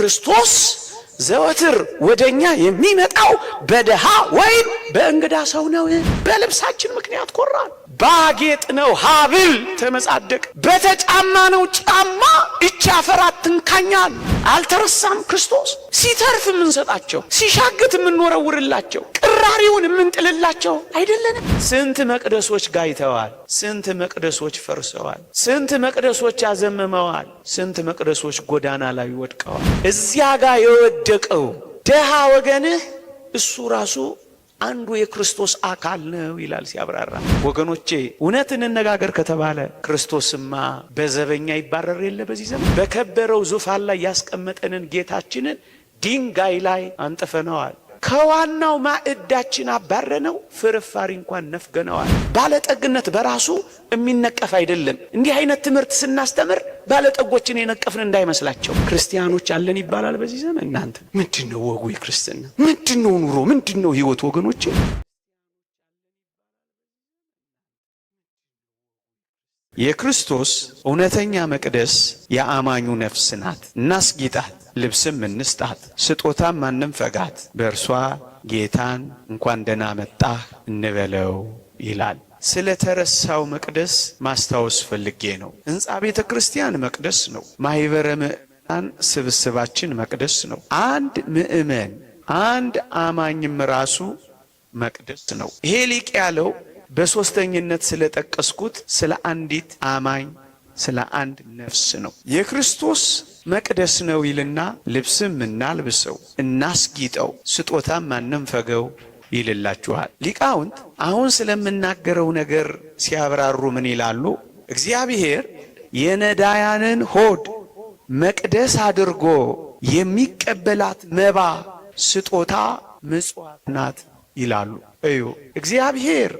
ክርስቶስ ዘወትር ወደኛ የሚመጣው በድሃ ወይም በእንግዳ ሰው ነው። በልብሳችን ምክንያት ኮራን። ነው ሀብል ተመጻደቅ፣ ነው ጫማ እቺ አፈር አትንካኛል። አልተረሳም ክርስቶስ። ሲተርፍ የምንሰጣቸው፣ ሲሻግት የምንወረውርላቸው ፈጣሪውን የምንጥልላቸው አይደለንም። ስንት መቅደሶች ጋይተዋል፣ ስንት መቅደሶች ፈርሰዋል፣ ስንት መቅደሶች ያዘምመዋል፣ ስንት መቅደሶች ጎዳና ላይ ወድቀዋል። እዚያ ጋር የወደቀው ደሃ ወገንህ እሱ ራሱ አንዱ የክርስቶስ አካል ነው ይላል ሲያብራራ። ወገኖቼ እውነት እንነጋገር ከተባለ ክርስቶስማ በዘበኛ ይባረር የለ በዚህ ዘመን በከበረው ዙፋን ላይ ያስቀመጠንን ጌታችንን ድንጋይ ላይ አንጥፈነዋል። ከዋናው ማዕዳችን አባረነው ፍርፋሪ እንኳን ነፍገነዋል። ባለጠግነት በራሱ የሚነቀፍ አይደለም። እንዲህ አይነት ትምህርት ስናስተምር ባለጠጎችን የነቀፍን እንዳይመስላቸው። ክርስቲያኖች አለን ይባላል በዚህ ዘመን። እናንተ ምንድን ነው ወጉ? የክርስትና ምንድን ነው ኑሮ? ምንድን ነው ህይወት? ወገኖች የክርስቶስ እውነተኛ መቅደስ የአማኙ ነፍስ ናት። እናስጌጣል ልብስም እንስጣት፣ ስጦታም ፈጋት በእርሷ ጌታን እንኳን ደህና መጣህ እንበለው ይላል። ስለ ተረሳው መቅደስ ማስታወስ ፈልጌ ነው። ሕንፃ ቤተ ክርስቲያን መቅደስ ነው። ማኅበረ ምዕመናን ስብስባችን መቅደስ ነው። አንድ ምዕመን አንድ አማኝም ራሱ መቅደስ ነው። ይሄ ሊቅ ያለው በሦስተኝነት ስለጠቀስኩት ስለ አንዲት አማኝ ስለ አንድ ነፍስ ነው። የክርስቶስ መቅደስ ነው ይልና ልብስም እናልብሰው፣ እናስጊጠው፣ ስጦታም ፈገው ይልላችኋል። ሊቃውንት አሁን ስለምናገረው ነገር ሲያብራሩ ምን ይላሉ? እግዚአብሔር የነዳያንን ሆድ መቅደስ አድርጎ የሚቀበላት መባ፣ ስጦታ፣ ምጽዋት ናት ይላሉ። እዩ እግዚአብሔር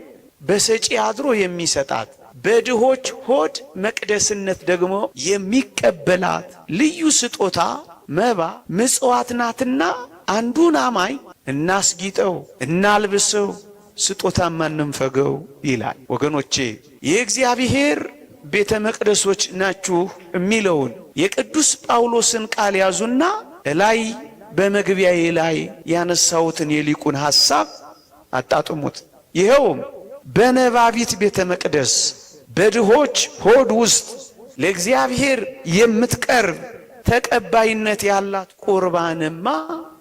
በሰጪ አድሮ የሚሰጣት በድሆች ሆድ መቅደስነት ደግሞ የሚቀበላት ልዩ ስጦታ መባ ምጽዋት ናትና አንዱን አማኝ እናስጊጠው፣ እናልብሰው፣ ስጦታ ማንንፈገው ይላል። ወገኖቼ የእግዚአብሔር ቤተ መቅደሶች ናችሁ የሚለውን የቅዱስ ጳውሎስን ቃል ያዙና እላይ በመግቢያዬ ላይ ያነሳሁትን የሊቁን ሐሳብ አጣጥሙት። ይኸውም በነባቢት ቤተ መቅደስ በድሆች ሆድ ውስጥ ለእግዚአብሔር የምትቀርብ ተቀባይነት ያላት ቁርባንማ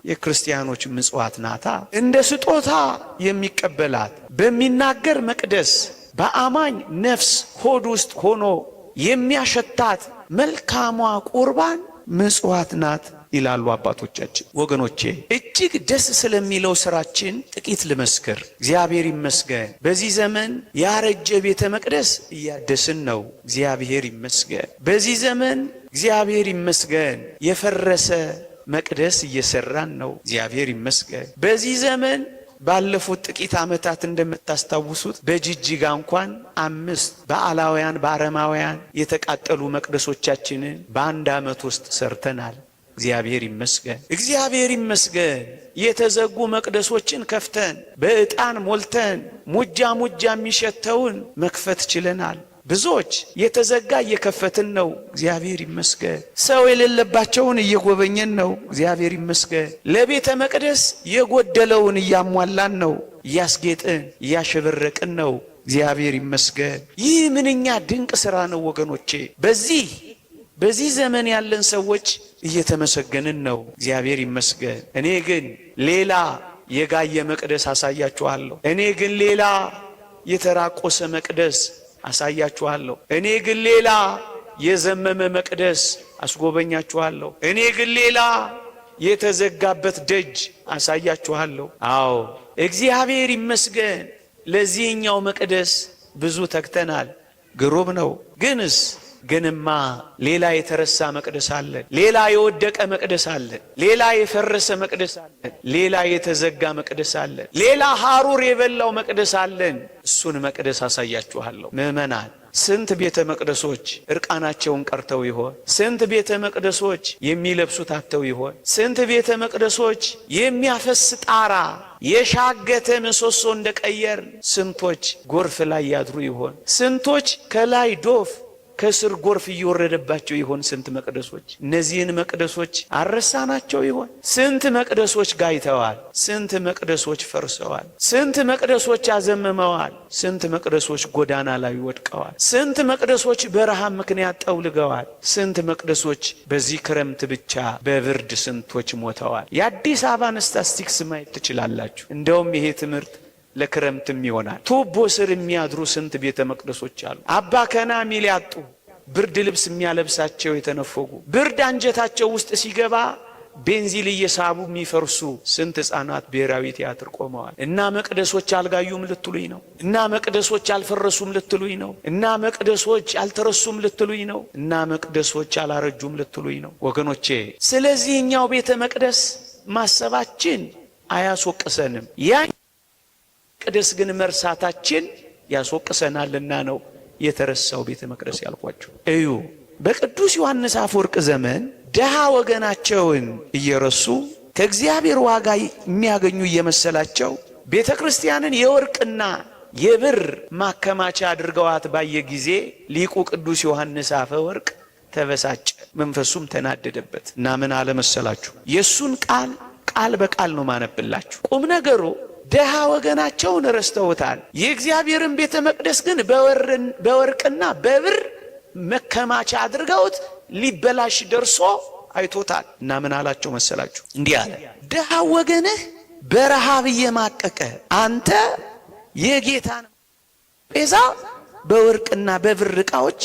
የክርስቲያኖች ምጽዋት ናታ። እንደ ስጦታ የሚቀበላት በሚናገር መቅደስ በአማኝ ነፍስ ሆድ ውስጥ ሆኖ የሚያሸታት መልካሟ ቁርባን ምጽዋት ናት። ይላሉ አባቶቻችን። ወገኖቼ እጅግ ደስ ስለሚለው ስራችን ጥቂት ልመስክር። እግዚአብሔር ይመስገን። በዚህ ዘመን ያረጀ ቤተ መቅደስ እያደስን ነው። እግዚአብሔር ይመስገን። በዚህ ዘመን እግዚአብሔር ይመስገን የፈረሰ መቅደስ እየሰራን ነው። እግዚአብሔር ይመስገን። በዚህ ዘመን ባለፉት ጥቂት ዓመታት እንደምታስታውሱት በጅጅጋ እንኳን አምስት በአላውያን በአረማውያን የተቃጠሉ መቅደሶቻችንን በአንድ ዓመት ውስጥ ሰርተናል። እግዚአብሔር ይመስገን፣ እግዚአብሔር ይመስገን። የተዘጉ መቅደሶችን ከፍተን በዕጣን ሞልተን ሙጃ ሙጃ የሚሸተውን መክፈት ችለናል። ብዙዎች የተዘጋ እየከፈትን ነው። እግዚአብሔር ይመስገን። ሰው የሌለባቸውን እየጎበኘን ነው። እግዚአብሔር ይመስገን። ለቤተ መቅደስ የጎደለውን እያሟላን ነው። እያስጌጥን እያሸበረቅን ነው። እግዚአብሔር ይመስገን። ይህ ምንኛ ድንቅ ሥራ ነው ወገኖቼ። በዚህ በዚህ ዘመን ያለን ሰዎች እየተመሰገንን ነው። እግዚአብሔር ይመስገን። እኔ ግን ሌላ የጋየ መቅደስ አሳያችኋለሁ። እኔ ግን ሌላ የተራቆሰ መቅደስ አሳያችኋለሁ። እኔ ግን ሌላ የዘመመ መቅደስ አስጎበኛችኋለሁ። እኔ ግን ሌላ የተዘጋበት ደጅ አሳያችኋለሁ። አዎ እግዚአብሔር ይመስገን። ለዚህኛው መቅደስ ብዙ ተግተናል። ግሩም ነው። ግንስ ግንማ ሌላ የተረሳ መቅደስ አለ፣ ሌላ የወደቀ መቅደስ አለ፣ ሌላ የፈረሰ መቅደስ አለ፣ ሌላ የተዘጋ መቅደስ አለ፣ ሌላ ሐሩር የበላው መቅደስ አለን። እሱን መቅደስ አሳያችኋለሁ። ምእመናን ስንት ቤተ መቅደሶች እርቃናቸውን ቀርተው ይሆን? ስንት ቤተ መቅደሶች የሚለብሱት አጥተው ይሆን? ስንት ቤተ መቅደሶች የሚያፈስ ጣራ የሻገተ ምሰሶ እንደቀየር ስንቶች ጎርፍ ላይ ያድሩ ይሆን? ስንቶች ከላይ ዶፍ ከስር ጎርፍ እየወረደባቸው ይሆን? ስንት መቅደሶች እነዚህን መቅደሶች አረሳናቸው ይሆን? ስንት መቅደሶች ጋይተዋል? ስንት መቅደሶች ፈርሰዋል? ስንት መቅደሶች አዘምመዋል? ስንት መቅደሶች ጎዳና ላይ ወድቀዋል? ስንት መቅደሶች በረሃብ ምክንያት ጠውልገዋል? ስንት መቅደሶች በዚህ ክረምት ብቻ በብርድ ስንቶች ሞተዋል? የአዲስ አበባን ስታስቲክስ ማየት ትችላላችሁ። እንደውም ይሄ ትምህርት ለክረምትም ይሆናል። ቱቦ ስር የሚያድሩ ስንት ቤተ መቅደሶች አሉ። አባ ከና ሚል ያጡ ብርድ ልብስ የሚያለብሳቸው የተነፈጉ ብርድ አንጀታቸው ውስጥ ሲገባ ቤንዚል እየሳቡ የሚፈርሱ ስንት ህፃናት ብሔራዊ ቲያትር ቆመዋል። እና መቅደሶች አልጋዩም ልትሉኝ ነው? እና መቅደሶች አልፈረሱም ልትሉኝ ነው? እና መቅደሶች አልተረሱም ልትሉኝ ነው? እና መቅደሶች አላረጁም ልትሉኝ ነው? ወገኖቼ፣ ስለዚህ እኛው ቤተ መቅደስ ማሰባችን አያስወቅሰንም። ቅድስ ግን መርሳታችን ያስወቅሰናልና ነው የተረሳው ቤተ መቅደስ ያልኳቸው። እዩ በቅዱስ ዮሐንስ አፈወርቅ ዘመን ድሃ ወገናቸውን እየረሱ ከእግዚአብሔር ዋጋ የሚያገኙ እየመሰላቸው ቤተ ክርስቲያንን የወርቅና የብር ማከማቻ አድርገዋት ባየ ጊዜ ሊቁ ቅዱስ ዮሐንስ አፈወርቅ ተበሳጨ፣ መንፈሱም ተናደደበት እና ምን አለመሰላችሁ የእሱን ቃል ቃል በቃል ነው ማነብላችሁ ቁም ነገሩ ደሃ ወገናቸውን ረስተውታል። የእግዚአብሔርን ቤተ መቅደስ ግን በወርቅና በብር መከማቻ አድርገውት ሊበላሽ ደርሶ አይቶታል። እና ምን አላቸው መሰላችሁ? እንዲህ አለ፣ ደሃ ወገንህ በረሃብ እየማቀቀ አንተ የጌታን ቤዛ በወርቅና በብር ዕቃዎች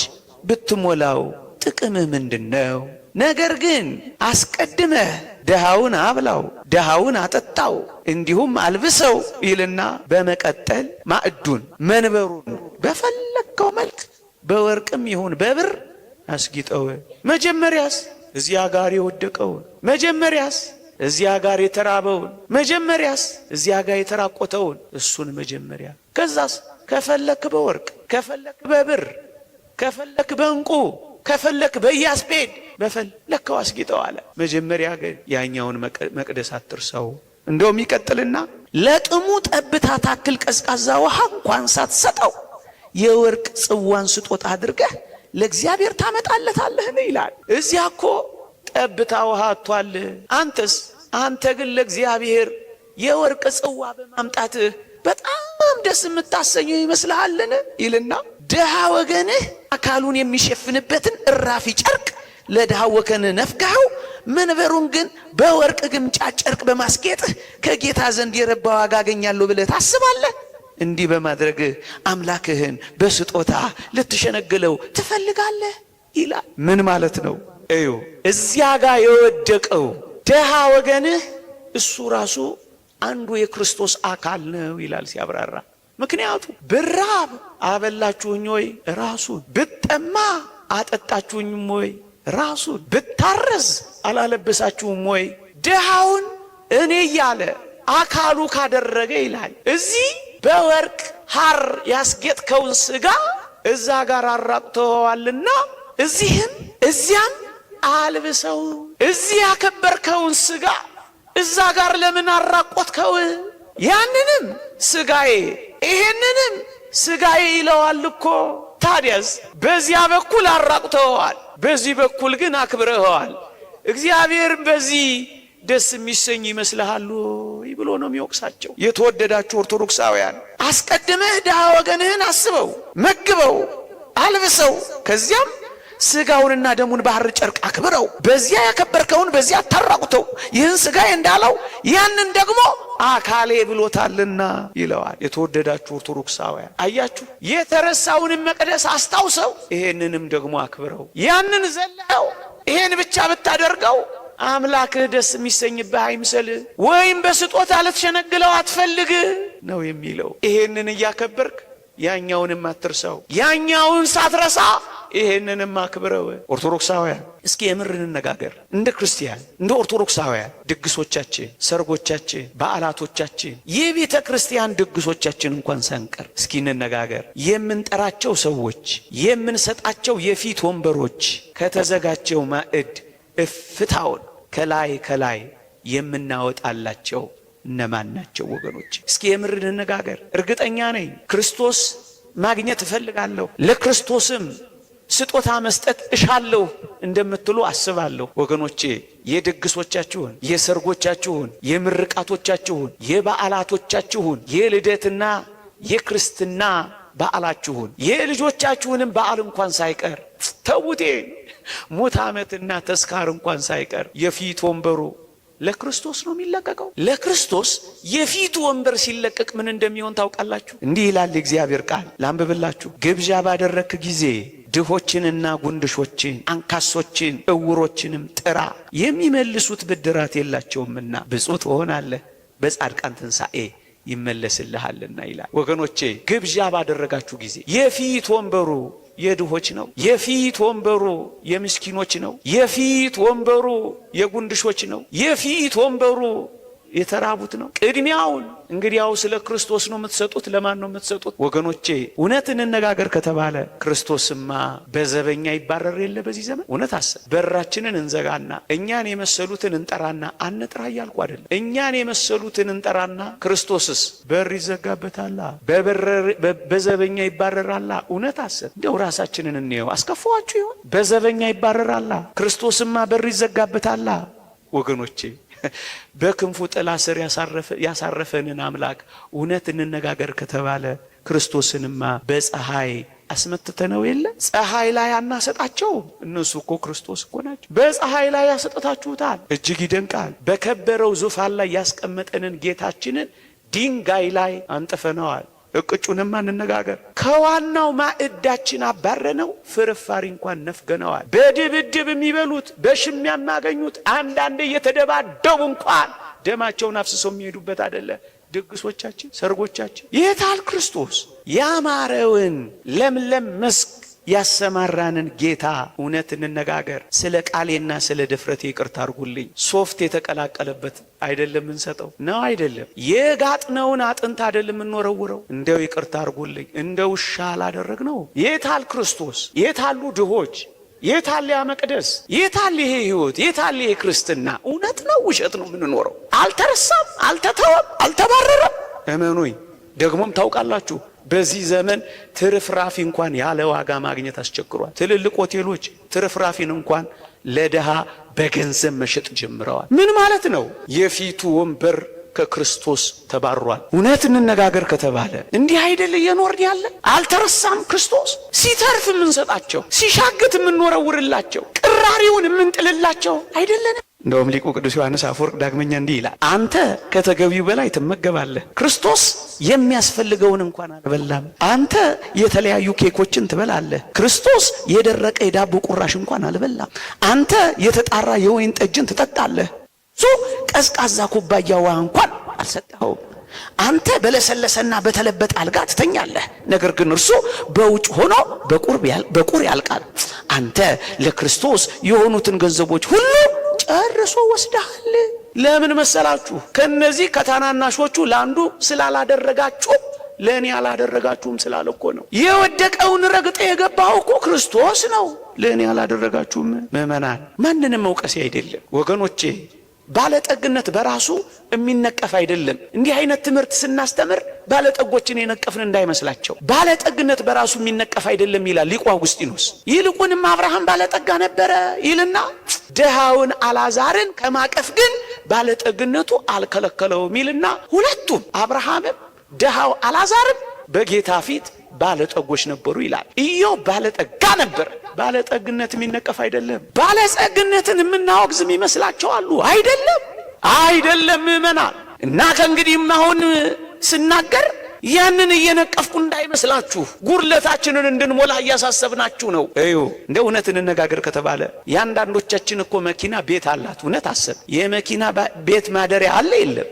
ብትሞላው ጥቅምህ ምንድን ነው? ነገር ግን አስቀድመህ ድሃውን አብላው፣ ድሃውን አጠጣው፣ እንዲሁም አልብሰው ይልና በመቀጠል ማዕዱን መንበሩን በፈለግከው መልክ በወርቅም ይሁን በብር አስጊጠው። መጀመሪያስ እዚያ ጋር የወደቀውን መጀመሪያስ እዚያ ጋር የተራበውን መጀመሪያስ እዚያ ጋር የተራቆተውን እሱን መጀመሪያ ከዛስ ከፈለክ በወርቅ ከፈለክ በብር ከፈለክ በእንቁ ከፈለክ በኢያስጲድ በፈለከው አስጊጠው አለ። መጀመሪያ ግን ያኛውን መቅደስ አትርሰው። እንደውም ይቀጥልና ለጥሙ ጠብታ ታክል ቀዝቃዛ ውሃ እንኳን ሳትሰጠው የወርቅ ጽዋን ስጦታ አድርገህ ለእግዚአብሔር ታመጣለታለህን ይላል። እዚያ እኮ ጠብታ ውሃ አቷል። አንተስ አንተ ግን ለእግዚአብሔር የወርቅ ጽዋ በማምጣትህ በጣም ደስ የምታሰኘው ይመስልሃልን? ይልና ድሃ ወገንህ አካሉን የሚሸፍንበትን እራፊ ጨርቅ ለድሃ ወገን ነፍግኸው መንበሩን ግን በወርቅ ግምጫ ጨርቅ በማስጌጥህ ከጌታ ዘንድ የረባ ዋጋ አገኛለሁ ብለህ ታስባለህ። እንዲህ በማድረግ አምላክህን በስጦታ ልትሸነግለው ትፈልጋለህ ይላል። ምን ማለት ነው? እዩ እዚያ ጋር የወደቀው ድሃ ወገንህ እሱ ራሱ አንዱ የክርስቶስ አካል ነው ይላል ሲያብራራ። ምክንያቱም ብራብ አበላችሁኝ ወይ ራሱን ብጠማ አጠጣችሁኝም ወይ ራሱን ብታረዝ አላለበሳችሁም ወይ ድሃውን እኔ እያለ አካሉ ካደረገ ይላል። እዚህ በወርቅ ሐር ያስጌጥከውን ስጋ እዛ ጋር አራቁተዋልና እዚህም እዚያም አልብሰው። እዚህ ያከበርከውን ስጋ እዛ ጋር ለምን አራቆትከው? ያንንም ስጋዬ ይሄንንም ስጋዬ ይለዋል እኮ። ታዲያስ በዚያ በኩል አራቁተኸዋል፣ በዚህ በኩል ግን አክብረኸዋል። እግዚአብሔር በዚህ ደስ የሚሰኝ ይመስልሃሉ ብሎ ነው የሚወቅሳቸው። የተወደዳችሁ ኦርቶዶክሳውያን አስቀድመህ ድሃ ወገንህን አስበው፣ መግበው፣ አልብሰው ከዚያም ስጋውንና ደሙን ባህር ጨርቅ አክብረው በዚያ ያከበርከውን በዚያ አታራቁተው ይህን ስጋ እንዳለው ያንን ደግሞ አካሌ ብሎታልና ይለዋል። የተወደዳችሁ ኦርቶዶክሳውያን አያችሁ፣ የተረሳውንም መቅደስ አስታውሰው ይሄንንም ደግሞ አክብረው ያንን ዘለው ይሄን ብቻ ብታደርገው አምላክህ ደስ የሚሰኝብህ አይምሰልህ፣ ወይም በስጦታ ልትሸነግለው አትፈልግ ነው የሚለው። ይሄንን እያከበርክ ያኛውንም አትርሰው። ያኛውን ሳትረሳ ይሄንንም አክብረው ኦርቶዶክሳውያን እስኪ የምር እንነጋገር። እንደ ክርስቲያን እንደ ኦርቶዶክሳውያን ድግሶቻችን፣ ሰርጎቻችን፣ በዓላቶቻችን የቤተ ክርስቲያን ድግሶቻችን እንኳን ሳንቀር እስኪ እንነጋገር። የምንጠራቸው ሰዎች የምንሰጣቸው የፊት ወንበሮች ከተዘጋጀው ማዕድ እፍታውን ከላይ ከላይ የምናወጣላቸው እነማን ናቸው ወገኖች? እስኪ የምር እንነጋገር። እርግጠኛ ነኝ ክርስቶስ ማግኘት እፈልጋለሁ ለክርስቶስም ስጦታ መስጠት እሻለሁ እንደምትሉ አስባለሁ። ወገኖቼ የድግሶቻችሁን፣ የሰርጎቻችሁን፣ የምርቃቶቻችሁን፣ የበዓላቶቻችሁን፣ የልደትና የክርስትና በዓላችሁን የልጆቻችሁንም በዓል እንኳን ሳይቀር ተውቴ ሙት ዓመትና ተስካር እንኳን ሳይቀር የፊት ወንበሩ ለክርስቶስ ነው የሚለቀቀው። ለክርስቶስ የፊቱ ወንበር ሲለቀቅ ምን እንደሚሆን ታውቃላችሁ? እንዲህ ይላል የእግዚአብሔር ቃል ላንብብላችሁ። ግብዣ ባደረክ ጊዜ ድሆችንና ጉንድሾችን አንካሶችን እውሮችንም ጥራ የሚመልሱት ብድራት የላቸውምና ብፁ ትሆናለህ በጻድቃን ትንሣኤ ይመለስልሃልና ይላል። ወገኖቼ ግብዣ ባደረጋችሁ ጊዜ የፊት ወንበሩ የድሆች ነው። የፊት ወንበሩ የምስኪኖች ነው። የፊት ወንበሩ የጉንድሾች ነው። የፊት ወንበሩ የተራቡት ነው። ቅድሚያውን እንግዲህ ያው ስለ ክርስቶስ ነው የምትሰጡት፣ ለማን ነው የምትሰጡት? ወገኖቼ እውነት እንነጋገር ከተባለ ክርስቶስማ በዘበኛ ይባረር የለ በዚህ ዘመን እውነት አሰብ በራችንን እንዘጋና እኛን የመሰሉትን እንጠራና አንጥራ እያልኩ አደለም። እኛን የመሰሉትን እንጠራና ክርስቶስስ በር ይዘጋበታላ፣ በዘበኛ ይባረራላ። እውነት አሰ እንደው ራሳችንን እንየው። አስከፋዋችሁ ይሆን? በዘበኛ ይባረራላ፣ ክርስቶስማ በር ይዘጋበታላ። ወገኖቼ በክንፉ ጥላ ስር ያሳረፈንን አምላክ እውነት እንነጋገር ከተባለ ክርስቶስንማ በፀሐይ አስመትተነው የለ ፀሐይ ላይ አናሰጣቸው። እነሱ እኮ ክርስቶስ እኮ ናቸው። በፀሐይ ላይ ያሰጠታችሁታል እጅግ ይደንቃል። በከበረው ዙፋን ላይ ያስቀመጠንን ጌታችንን ድንጋይ ላይ አንጥፈነዋል። እቅጩንም እንነጋገር። ከዋናው ማዕዳችን አባረነው፣ ፍርፋሪ እንኳን ነፍገነዋል። በድብድብ የሚበሉት በሽሚያ የሚያገኙት አንዳንዴ እየተደባደቡ እንኳን ደማቸውን አፍስሰው የሚሄዱበት አደለ ድግሶቻችን፣ ሰርጎቻችን። የታል ክርስቶስ? ያማረውን ለምለም መስክ ያሰማራንን ጌታ እውነት እንነጋገር። ስለ ቃሌና ስለ ድፍረት ይቅርታ አድርጉልኝ። ሶፍት የተቀላቀለበት አይደለም እንሰጠው ነው አይደለም። የጋጥነውን አጥንት አይደለም እንወረውረው። እንደው ይቅርታ አድርጉልኝ። እንደ ውሻ አላደረግ ነው። የታል ክርስቶስ? የታሉ ድሆች? የታል ያ መቅደስ? የታል ይሄ ህይወት? የታል ይሄ ክርስትና? እውነት ነው ውሸት ነው የምንኖረው? አልተረሳም፣ አልተተወም፣ አልተባረረም። እመኑኝ። ደግሞም ታውቃላችሁ በዚህ ዘመን ትርፍራፊ እንኳን ያለ ዋጋ ማግኘት አስቸግሯል። ትልልቅ ሆቴሎች ትርፍራፊን እንኳን ለድሃ በገንዘብ መሸጥ ጀምረዋል። ምን ማለት ነው? የፊቱ ወንበር ከክርስቶስ ተባሯል። እውነት እንነጋገር ከተባለ እንዲህ አይደል እየኖርን ያለ አልተረሳም። ክርስቶስ ሲተርፍ የምንሰጣቸው፣ ሲሻግት የምንወረውርላቸው፣ ቅራሪውን የምንጥልላቸው አይደለንም። እንደውም ሊቁ ቅዱስ ዮሐንስ አፈወርቅ ዳግመኛ እንዲህ ይላል፣ አንተ ከተገቢው በላይ ትመገባለህ፣ ክርስቶስ የሚያስፈልገውን እንኳን አልበላም። አንተ የተለያዩ ኬኮችን ትበላለህ፣ ክርስቶስ የደረቀ የዳቦ ቁራሽ እንኳን አልበላም። አንተ የተጣራ የወይን ጠጅን ትጠጣለህ፣ እሱ ቀዝቃዛ ኩባያ ውሃ እንኳን አልሰጠኸውም። አንተ በለሰለሰና በተለበጠ አልጋ ትተኛለህ፣ ነገር ግን እርሱ በውጭ ሆኖ በቁር ያልቃል። አንተ ለክርስቶስ የሆኑትን ገንዘቦች ሁሉ ጨርሶ ወስደሃል። ለምን መሰላችሁ? ከነዚህ ከታናናሾቹ ለአንዱ ስላላደረጋችሁ ለእኔ አላደረጋችሁም ስላለ እኮ ነው። የወደቀውን ረግጠ የገባው እኮ ክርስቶስ ነው። ለእኔ አላደረጋችሁም። ምእመናን ማንንም መውቀሴ አይደለም ወገኖቼ ባለጠግነት በራሱ የሚነቀፍ አይደለም። እንዲህ አይነት ትምህርት ስናስተምር ባለጠጎችን የነቀፍን እንዳይመስላቸው። ባለጠግነት በራሱ የሚነቀፍ አይደለም ይላል ሊቁ አውግስጢኖስ። ይልቁንም አብርሃም ባለጠጋ ነበረ ይልና ድሃውን አላዛርን ከማቀፍ ግን ባለጠግነቱ አልከለከለውም ይልና ሁለቱም አብርሃምም ድሃው አላዛርም በጌታ ፊት ባለጠጎች ነበሩ ይላል። ኢዮብ ባለጠጋ ነበር። ባለጠግነት የሚነቀፍ አይደለም። ባለጸግነትን የምናወግዝ የሚመስላቸው አሉ። አይደለም፣ አይደለም ምዕመናን እና ከእንግዲህም አሁን ስናገር ያንን እየነቀፍኩ እንዳይመስላችሁ ጉድለታችንን እንድንሞላ እያሳሰብናችሁ ነው። እዩ እንደ እውነት እንነጋገር ከተባለ የአንዳንዶቻችን እኮ መኪና ቤት አላት። እውነት አሰብ የመኪና ቤት ማደሪያ አለ የለም?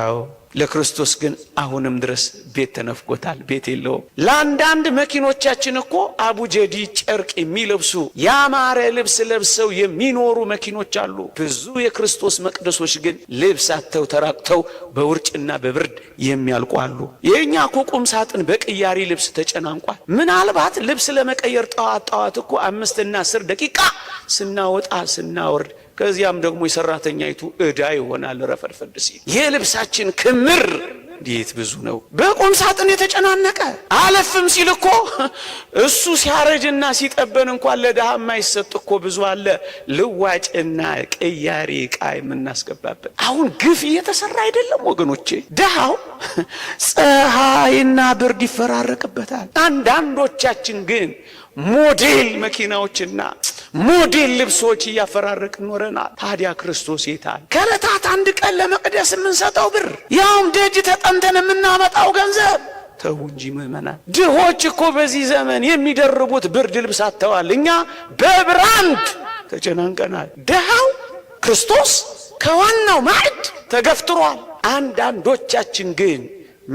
አዎ ለክርስቶስ ግን አሁንም ድረስ ቤት ተነፍጎታል፣ ቤት የለውም። ለአንዳንድ መኪኖቻችን እኮ አቡጀዲ ጨርቅ የሚለብሱ ያማረ ልብስ ለብሰው የሚኖሩ መኪኖች አሉ። ብዙ የክርስቶስ መቅደሶች ግን ልብስ አጥተው ተራቅተው በውርጭና በብርድ የሚያልቁ አሉ። የእኛ እኮ ቁም ሳጥን በቅያሪ ልብስ ተጨናንቋል። ምናልባት ልብስ ለመቀየር ጠዋት ጠዋት እኮ አምስትና አስር ደቂቃ ስናወጣ ስናወርድ ከዚያም ደግሞ የሰራተኛይቱ እዳ ይሆናል ረፈድፈድ ሲል። የልብሳችን ክምር እንዴት ብዙ ነው! በቁም ሳጥን የተጨናነቀ አለፍም ሲል እኮ እሱ ሲያረጅና ሲጠበን እንኳን ለድሃ የማይሰጥ እኮ ብዙ አለ። ልዋጭና ቅያሪ ዕቃ የምናስገባበት አሁን ግፍ እየተሰራ አይደለም ወገኖቼ? ድሃው ፀሐይና ብርድ ይፈራረቅበታል። አንዳንዶቻችን ግን ሞዴል መኪናዎችና ሞዴል ልብሶች እያፈራረቅ ኖረናል። ታዲያ ክርስቶስ የታል? ከዕለታት አንድ ቀን ለመቅደስ የምንሰጠው ብር ያውም ደጅ ተጠንተን የምናመጣው ገንዘብ ተው እንጂ ድሆች እኮ በዚህ ዘመን የሚደርቡት ብርድ ልብስ አጥተዋል። እኛ በብራንድ ተጨናንቀናል። ድሃው ክርስቶስ ከዋናው ማዕድ ተገፍትሯል። አንዳንዶቻችን ግን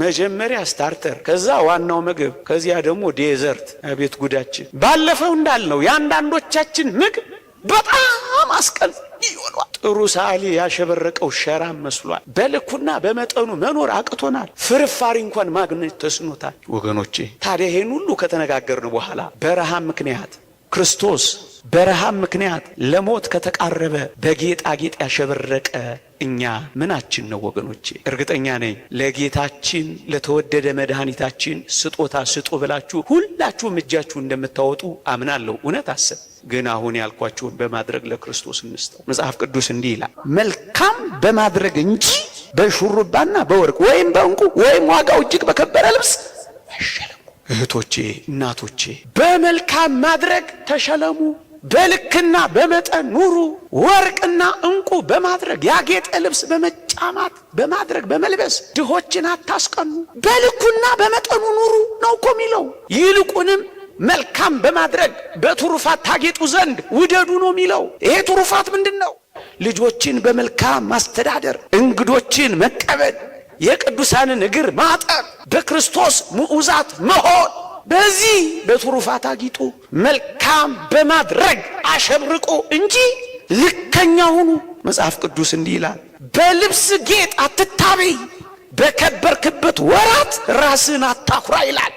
መጀመሪያ ስታርተር፣ ከዛ ዋናው ምግብ፣ ከዚያ ደግሞ ዴዘርት። አቤት ጉዳችን! ባለፈው እንዳልነው የአንዳንዶቻችን ምግብ በጣም አስቀል ይሆኗል። ጥሩ ሳሊ ያሸበረቀው ሸራ መስሏል። በልኩና በመጠኑ መኖር አቅቶናል። ፍርፋሪ እንኳን ማግኘት ተስኖታል። ወገኖቼ ታዲያ ይህን ሁሉ ከተነጋገርን በኋላ በረሃ ምክንያት ክርስቶስ በረሃብ ምክንያት ለሞት ከተቃረበ በጌጣጌጥ ያሸበረቀ እኛ ምናችን ነው ወገኖቼ? እርግጠኛ ነኝ ለጌታችን ለተወደደ መድኃኒታችን ስጦታ ስጡ ብላችሁ ሁላችሁም እጃችሁ እንደምታወጡ አምናለሁ። እውነት አስብ። ግን አሁን ያልኳችሁን በማድረግ ለክርስቶስ እንስጠው። መጽሐፍ ቅዱስ እንዲህ ይላል፣ መልካም በማድረግ እንጂ በሹሩባና በወርቅ ወይም በእንቁ ወይም ዋጋው እጅግ በከበረ ልብስ አይሸለሙ። እህቶቼ፣ እናቶቼ በመልካም ማድረግ ተሸለሙ። በልክና በመጠን ኑሩ። ወርቅና እንቁ በማድረግ ያጌጠ ልብስ በመጫማት በማድረግ በመልበስ ድሆችን አታስቀኑ። በልኩና በመጠኑ ኑሩ ነው እኮ የሚለው። ይልቁንም መልካም በማድረግ በትሩፋት ታጌጡ ዘንድ ውደዱ ነው የሚለው። ይሄ ትሩፋት ምንድን ነው? ልጆችን በመልካም ማስተዳደር፣ እንግዶችን መቀበል፣ የቅዱሳንን እግር ማጠብ፣ በክርስቶስ ምዑዛት መሆን በዚህ በትሩፋት አጊጡ መልካም በማድረግ አሸብርቆ እንጂ ልከኛ ሁኑ። መጽሐፍ ቅዱስ እንዲህ ይላል፣ በልብስ ጌጥ አትታበይ፣ በከበርክበት ወራት ራስን አታኩራ ይላል።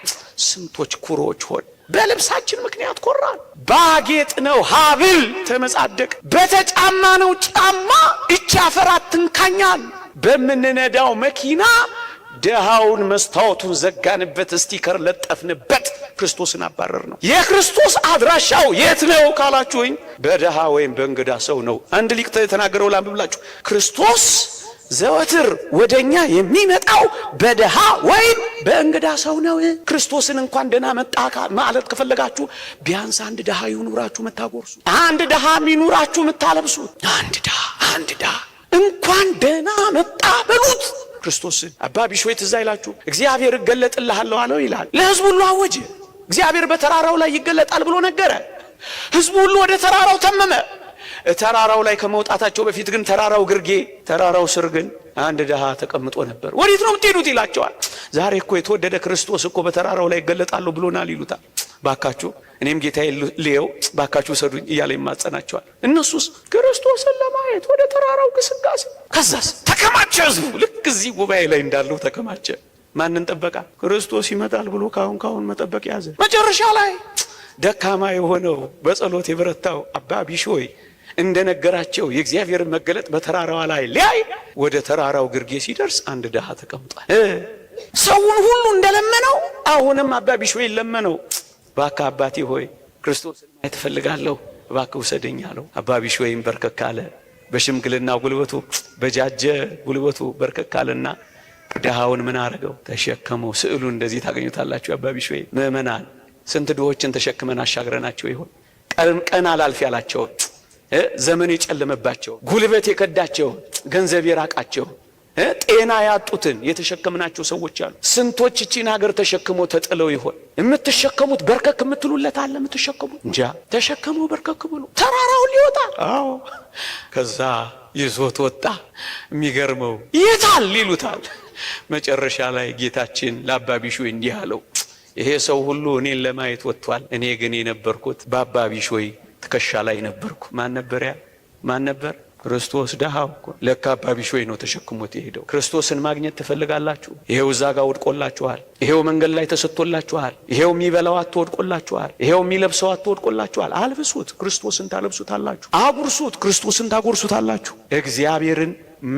ስንቶች ኩሮዎች ሆን በልብሳችን ምክንያት ኮራን። ባጌጥ ነው ሀብል ተመጻደቅ፣ በተጫማ ነው ጫማ እቻፈር አትንካኛል። በምንነዳው መኪና ድሃውን መስታወቱን ዘጋንበት፣ ስቲከር ለጠፍንበት፣ ክርስቶስን አባረር ነው። የክርስቶስ አድራሻው የት ነው ካላችሁኝ በድሃ ወይም በእንግዳ ሰው ነው። አንድ ሊቅ የተናገረው ላንብብላችሁ። ክርስቶስ ዘወትር ወደኛ የሚመጣው በድሃ ወይም በእንግዳ ሰው ነው። ክርስቶስን እንኳን ደህና መጣ ማለት ከፈለጋችሁ ቢያንስ አንድ ድሃ ይኑራችሁ የምታጎርሱ፣ አንድ ድሃ የሚኑራችሁ የምታለብሱት፣ አንድ ድሃ አንድ ድሃ እንኳን ደህና መጣ በሉት። ክርስቶስን አባ ቢሾይ ትዝ አይላችሁ? እግዚአብሔር እገለጥልሃለሁ አለው ይላል። ለህዝቡ ሁሉ አወጀ። እግዚአብሔር በተራራው ላይ ይገለጣል ብሎ ነገረ። ህዝቡ ሁሉ ወደ ተራራው ተመመ። ተራራው ላይ ከመውጣታቸው በፊት ግን ተራራው ግርጌ ተራራው ስር ግን አንድ ድሃ ተቀምጦ ነበር። ወዴት ነው የምትሄዱት? ይላቸዋል። ዛሬ እኮ የተወደደ ክርስቶስ እኮ በተራራው ላይ ይገለጣሉ ብሎናል ይሉታል። ባካችሁ እኔም ጌታ ልየው ባካችሁ ሰዱኝ እያለ ይማጸናቸዋል። እነሱስ ክርስቶስን ለማየት ወደ ተራራው ግስጋሴ። ከዛስ ተከማቸ ህዝቡ፣ ልክ እዚህ ጉባኤ ላይ እንዳለው ተከማቸ። ማንን ጠበቃ? ክርስቶስ ይመጣል ብሎ ካሁን ካሁን መጠበቅ ያዘ። መጨረሻ ላይ ደካማ የሆነው በጸሎት የበረታው አባ ቢሾይ እንደነገራቸው የእግዚአብሔርን መገለጥ በተራራዋ ላይ ሊያይ ወደ ተራራው ግርጌ ሲደርስ አንድ ድሃ ተቀምጧል። ሰውን ሁሉ እንደለመነው አሁንም አባ ቢሾይ ለመነው። እባክህ አባቴ ሆይ ክርስቶስን ማየት እፈልጋለሁ፣ እባክህ ውሰደኝ አለው። አባ ቢሽወይም በርከክ አለ። በሽምግልና ጉልበቱ በጃጀ ጉልበቱ በርከክ አለና ድሃውን ምን አረገው? ተሸከመው። ስዕሉ እንደዚህ ታገኙታላችሁ። አባ ቢሽወይ ምእመናን ስንት ድሆችን ተሸክመን አሻግረናቸው ይሆን? ቀን አላልፍ ያላቸው ዘመን የጨለመባቸው ጉልበት የከዳቸውን ገንዘብ የራቃቸው? ጤና ያጡትን የተሸከምናቸው ሰዎች አሉ። ስንቶች እቺን ሀገር ተሸክሞ ተጥለው ይሆን የምትሸከሙት? በርከክ የምትሉለት አለ የምትሸከሙት? እንጃ ተሸከመው በርከክ ብሎ ተራራውን ሊወጣ አዎ፣ ከዛ ይዞት ወጣ። የሚገርመው የታል ይሉታል። መጨረሻ ላይ ጌታችን ለአባቢሾ እንዲህ አለው፣ ይሄ ሰው ሁሉ እኔን ለማየት ወጥቷል። እኔ ግን የነበርኩት በአባቢሾይ ትከሻ ላይ ነበርኩ። ማን ነበር ያ? ማን ነበር ክርስቶስ ደሃ እኮ ለካ አባቢሾይ ነው ተሸክሞት የሄደው። ክርስቶስን ማግኘት ትፈልጋላችሁ? ይሄው እዛ ጋር ወድቆላችኋል። ይሄው መንገድ ላይ ተሰጥቶላችኋል። ይሄው የሚበላው አቶ ወድቆላችኋል። ይሄው የሚለብሰው አቶ ወድቆላችኋል። አልብሱት፣ ክርስቶስን ታለብሱታላችሁ። አጉርሱት፣ ክርስቶስን ታጎርሱታላችሁ። እግዚአብሔርን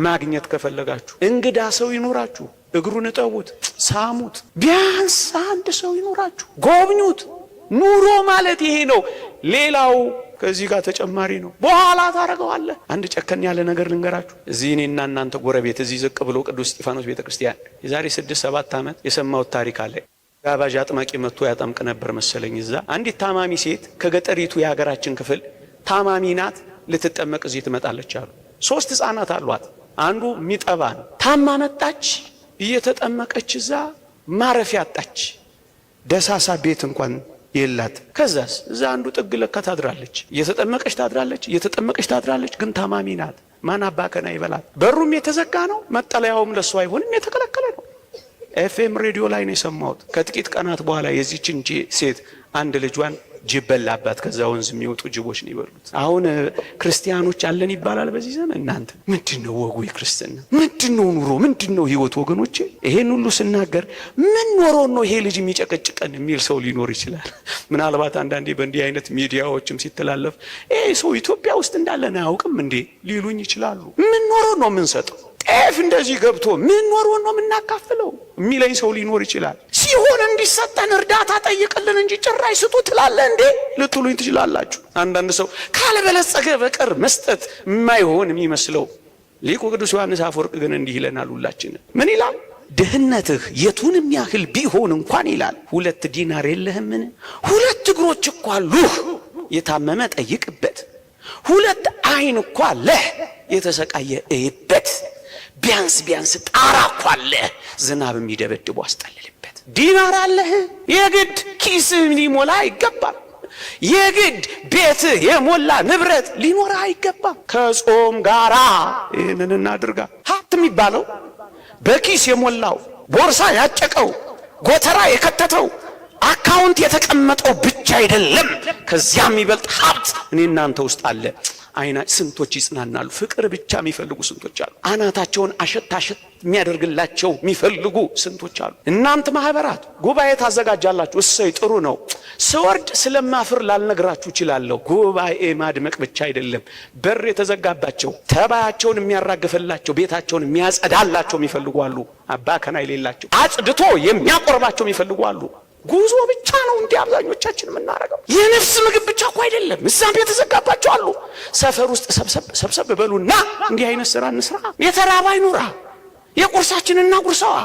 ማግኘት ከፈለጋችሁ እንግዳ ሰው ይኖራችሁ፣ እግሩን እጠቡት፣ ሳሙት። ቢያንስ አንድ ሰው ይኖራችሁ፣ ጎብኙት። ኑሮ ማለት ይሄ ነው። ሌላው ከዚህ ጋር ተጨማሪ ነው። በኋላ ታደርገዋለህ። አንድ ጨከን ያለ ነገር ልንገራችሁ። እዚህ እኔና እናንተ ጎረቤት እዚህ ዝቅ ብሎ ቅዱስ እስጢፋኖስ ቤተ ክርስቲያን የዛሬ ስድስት ሰባት ዓመት የሰማሁት ታሪክ አለ። ጋባዥ አጥማቂ መጥቶ ያጠምቅ ነበር መሰለኝ። እዛ አንዲት ታማሚ ሴት ከገጠሪቱ የሀገራችን ክፍል ታማሚ ናት፣ ልትጠመቅ እዚህ ትመጣለች አሉ። ሶስት ህፃናት አሏት፣ አንዱ ሚጠባ ነው። ታማ መጣች፣ እየተጠመቀች እዛ ማረፊያ አጣች። ደሳሳ ቤት እንኳን የላት ከዛስ እዛ አንዱ ጥግ ለካ ታድራለች። እየተጠመቀች ታድራለች፣ እየተጠመቀች ታድራለች፣ ግን ታማሚ ናት። ማን አባከና ይበላት። በሩም የተዘጋ ነው፣ መጠለያውም ለሱ አይሆንም፣ የተከለከለ ነው። ኤፍኤም ሬዲዮ ላይ ነው የሰማሁት ከጥቂት ቀናት በኋላ የዚችን ሴት አንድ ልጇን ጅብ በላባት ከዛ ወንዝ የሚወጡ ጅቦች ነው ይበሉት። አሁን ክርስቲያኖች አለን ይባላል በዚህ ዘመን። እናንተ ምንድን ነው ወጉ የክርስትና ምንድን ነው ኑሮ ምንድን ነው ህይወት? ወገኖች ይሄን ሁሉ ስናገር ምን ኖሮ ነው ይሄ ልጅ የሚጨቀጭቀን የሚል ሰው ሊኖር ይችላል። ምናልባት አንዳንዴ በእንዲህ አይነት ሚዲያዎችም ሲተላለፍ ይሄ ሰው ኢትዮጵያ ውስጥ እንዳለን አያውቅም እንዴ ሊሉኝ ይችላሉ። ምን ኖሮ ነው የምንሰጠው ጤፍ እንደዚህ ገብቶ ምን ኖሮ ነው የምናካፍለው የሚለኝ ሰው ሊኖር ይችላል። ሲሆን እንዲሰጠን እርዳታ ጠይቅልን እንጂ ጭራሽ ስጡ ትላለ እንዴ ልትሉኝ ትችላላችሁ። አንዳንድ ሰው ካልበለጸገ በቀር መስጠት የማይሆን የሚመስለው ሊቁ ቅዱስ ዮሐንስ አፈወርቅ ግን እንዲህ ይለናል። ሁላችንም ምን ይላል? ድህነትህ የቱንም ያህል ቢሆን እንኳን ይላል ሁለት ዲናር የለህምን? ሁለት እግሮች እኮ አሉህ የታመመ ጠይቅበት፣ ሁለት አይን እኳ አለህ የተሰቃየ እይበት ቢያንስ ቢያንስ ጣራ እኮ ዝናብ የሚደበድቡ አስጠልልበት። ዲናር አለህ። የግድ ኪስህ ሊሞላ አይገባም። የግድ ቤትህ የሞላ ንብረት ሊኖራ አይገባም። ከጾም ጋራ ይህንን እናድርጋ። ሀብት የሚባለው በኪስ የሞላው ቦርሳ ያጨቀው ጎተራ የከተተው አካውንት የተቀመጠው ብቻ አይደለም። ከዚያ የሚበልጥ ሀብት እኔ እናንተ ውስጥ አለ። አይና ስንቶች ይጽናናሉ። ፍቅር ብቻ የሚፈልጉ ስንቶች አሉ። አናታቸውን አሸት አሸት የሚያደርግላቸው የሚፈልጉ ስንቶች አሉ። እናንት ማህበራት ጉባኤ ታዘጋጃላችሁ። እሰይ ጥሩ ነው። ስወርድ ስለማፍር ላልነግራችሁ እችላለሁ። ጉባኤ ማድመቅ ብቻ አይደለም፣ በር የተዘጋባቸው ተባያቸውን የሚያራግፍላቸው ቤታቸውን የሚያጸዳላቸው የሚፈልጉ አሉ። አባ ከና የሌላቸው አጽድቶ የሚያቆርባቸው የሚፈልጉ አሉ። ጉዞ ብቻ ነው እንዲ አብዛኞቻችን የምናደርገው። የነፍስ ምግብ ብቻ እኮ አይደለም። እዛም የተዘጋባቸው አሉ። ሰፈር ውስጥ ሰብሰብ በሉና እንዲህ አይነት ስራ እንስራ። የተራባ አይኑራ። የቁርሳችንና ጉርሰዋ